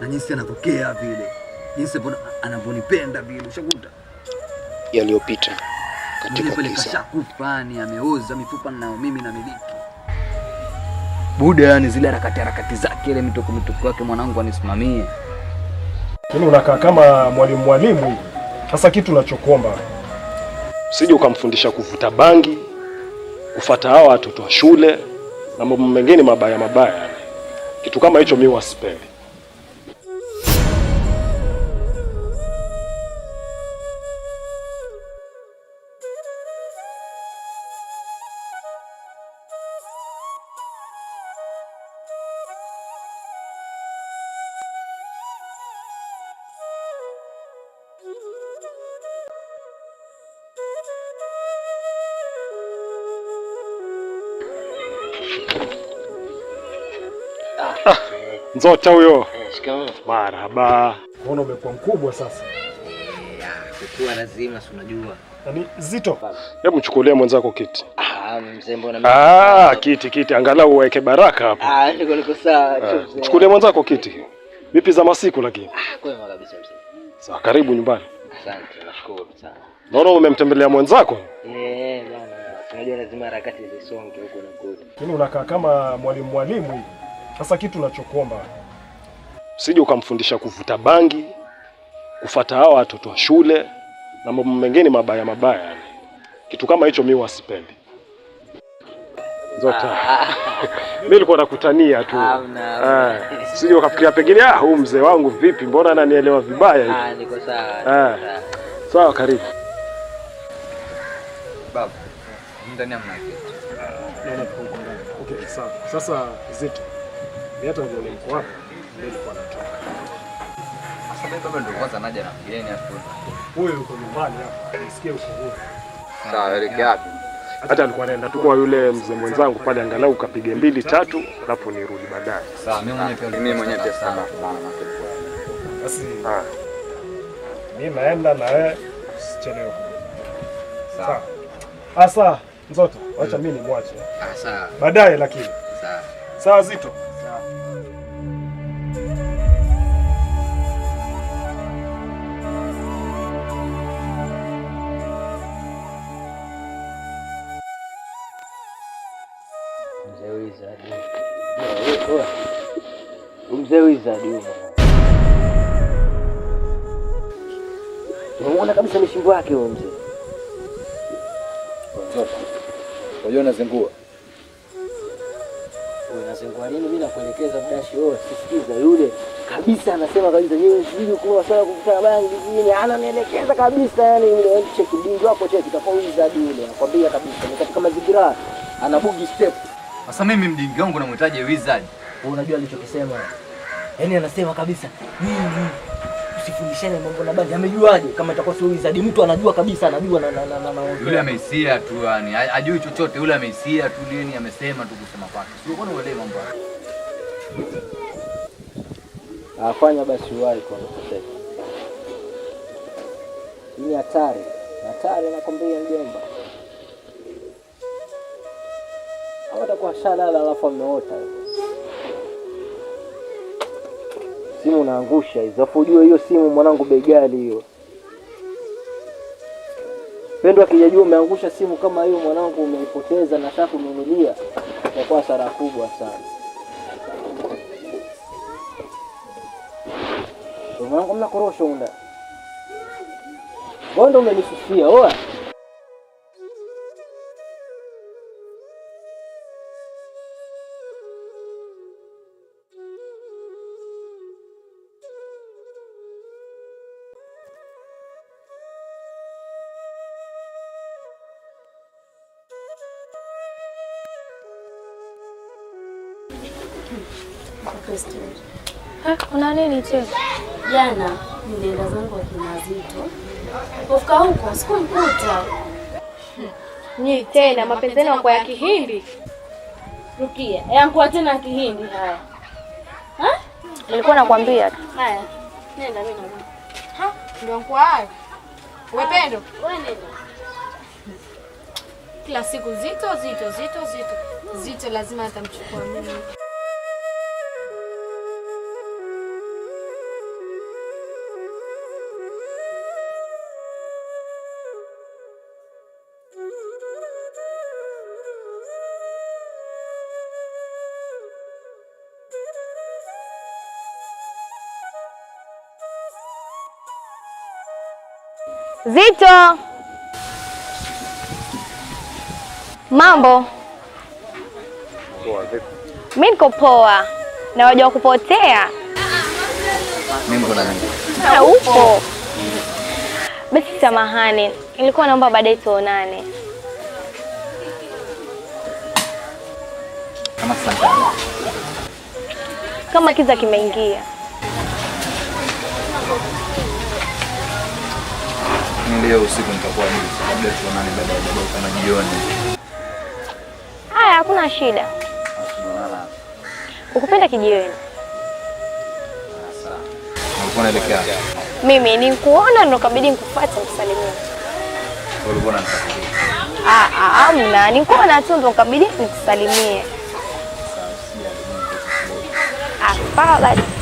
na jinsi anapokea vile, jinsi anavyonipenda vile, ushakuta yaliyopita katika kashakufani ameoza mifupa nao mimi na miliki Buda, yani zile harakati harakati zake ile mitoko mitoko yake, mwanangu anisimamie. Yaani unakaa kama mwalimu mwalimu. Sasa kitu nachokuomba sije ukamfundisha kuvuta bangi, kufata hawa watoto wa shule na mambo mengine mabaya mabaya, kitu kama hicho mimi wasipendi. Nzota huyo. Shikamoo. Marhaba. Unaona umekuwa mkubwa sasa. Kukua lazima si unajua. Yaani zito. Hebu chukulia mwenzako kiti. Ah, mzee mbona mimi. Ah, kiti kiti angalau uweke baraka hapo. Ah, niko niko sawa. Ah, chukulia mwenzako kiti. Vipi za masiku lakini? Ah, kwema kabisa mzee. Sawa, karibu nyumbani. Asante, nashukuru sana. Naona umemtembelea mwenzako? Eh, bwana. Tunajua lazima harakati zisonge huko na kule. Kini unakaa kama mwalimu mwalimu hivi. Sasa kitu nachokuomba sije ukamfundisha kuvuta bangi, kufata hawa watoto wa shule na mambo mengine mabaya mabaya, yani kitu kama hicho mimi wasipendi zote. Mimi ah. nilikuwa nakutania tu, ah. Sije ukafikiria pengine ah, huyu mzee wangu vipi, mbona ananielewa vibaya? Ah, niko sawa. Ah. Sawa, karibu baba. Ndani ya mnaki. Okay, sawa. Sasa Zito hata uone mko wapi ndio nilikuwa natoka. Sasa mimi ndio kwanza naja na mgeni hapo. Huyu yuko nyumbani hapa. Nisikie uko huru. Sawa, elekea hapo. Hata alikuwa anaenda tu kwa yule mzee mwenzangu pale, angalau kapige mbili tatu, alafu nirudi baadaye. Sawa, mimi mwenyewe pia mimi mwenyewe pia sana na basi. Ah. Mimi naenda na wewe usichelewe. Sawa. Asa, Nzoto, acha mimi mm. nimwache. Ah, sawa. Baadaye lakini. Sawa. Sawa Zito. Mzee Wizadi huyo. Unaona kabisa huyo mzee. Unajua nini? Mimi nakuelekeza mdashi wewe, sikiza yule. Kabisa anasema kabisa yeye sijui kwa bangi nini. Ananielekeza kabisa yani wako yule. Nakwambia kabisa ni katika mazingira anabugi step. Sasa mimi mdingi wangu namhitaji Wizard unajua alichokisema, yaani anasema kabisa mimi usifundishane mambo na bangi. Amejuaje kama itakuwa sio wizadi? Mtu anajua kabisa, anajua na na na yule amehisia tu, yani ajui chochote yule amehisia tu, nini, amesema tu kusema kwake, sio kwani uelewa mambo afanya basi uwai kwa mtoto. Ni hatari hatari, nakwambia mjomba, hawatakuwa shalala alafu ameota simu unaangusha hizo, afu ujue hiyo simu mwanangu bei ghali hiyo. Pendo akijajua umeangusha simu kama hiyo mwanangu, umeipoteza na sasa kununulia, itakuwa hasara kubwa sana mwanangu. Mna korosho unda wewe, ndio umenisusia oa Kuna nini tena? Jana nilienda zangu Wakinazito, kufika huko sikumkuta. Ni tena mapenzi yenu kwa ya Kihindi. Rukia, yangu tena ya Kihindi haya. Nilikuwa nakwambia Haya. Nenda mimi na. Ndio kwa haya. Umependo? Wewe nenda. Kila siku zito zito zito zito. Zito lazima atamchukua mimi. Zito, mambo? Mimi niko poa. Na waje wakupotea? Upo basi. Samahani, nilikuwa naomba baadaye tuonane. Kama kiza kimeingia lakini leo usiku nitakuwa labda tuonane baada kama jioni. Haya, hakuna shida. Ukupenda kijiweni. Ulikuwa unaelekea? Mimi nikuona ndo kabidi nikufuate nikusalimia. Ulikuwa unanisalimia? Ah, ah, nikuona tu ndo kabidi nikusalimie. Sawa, ah,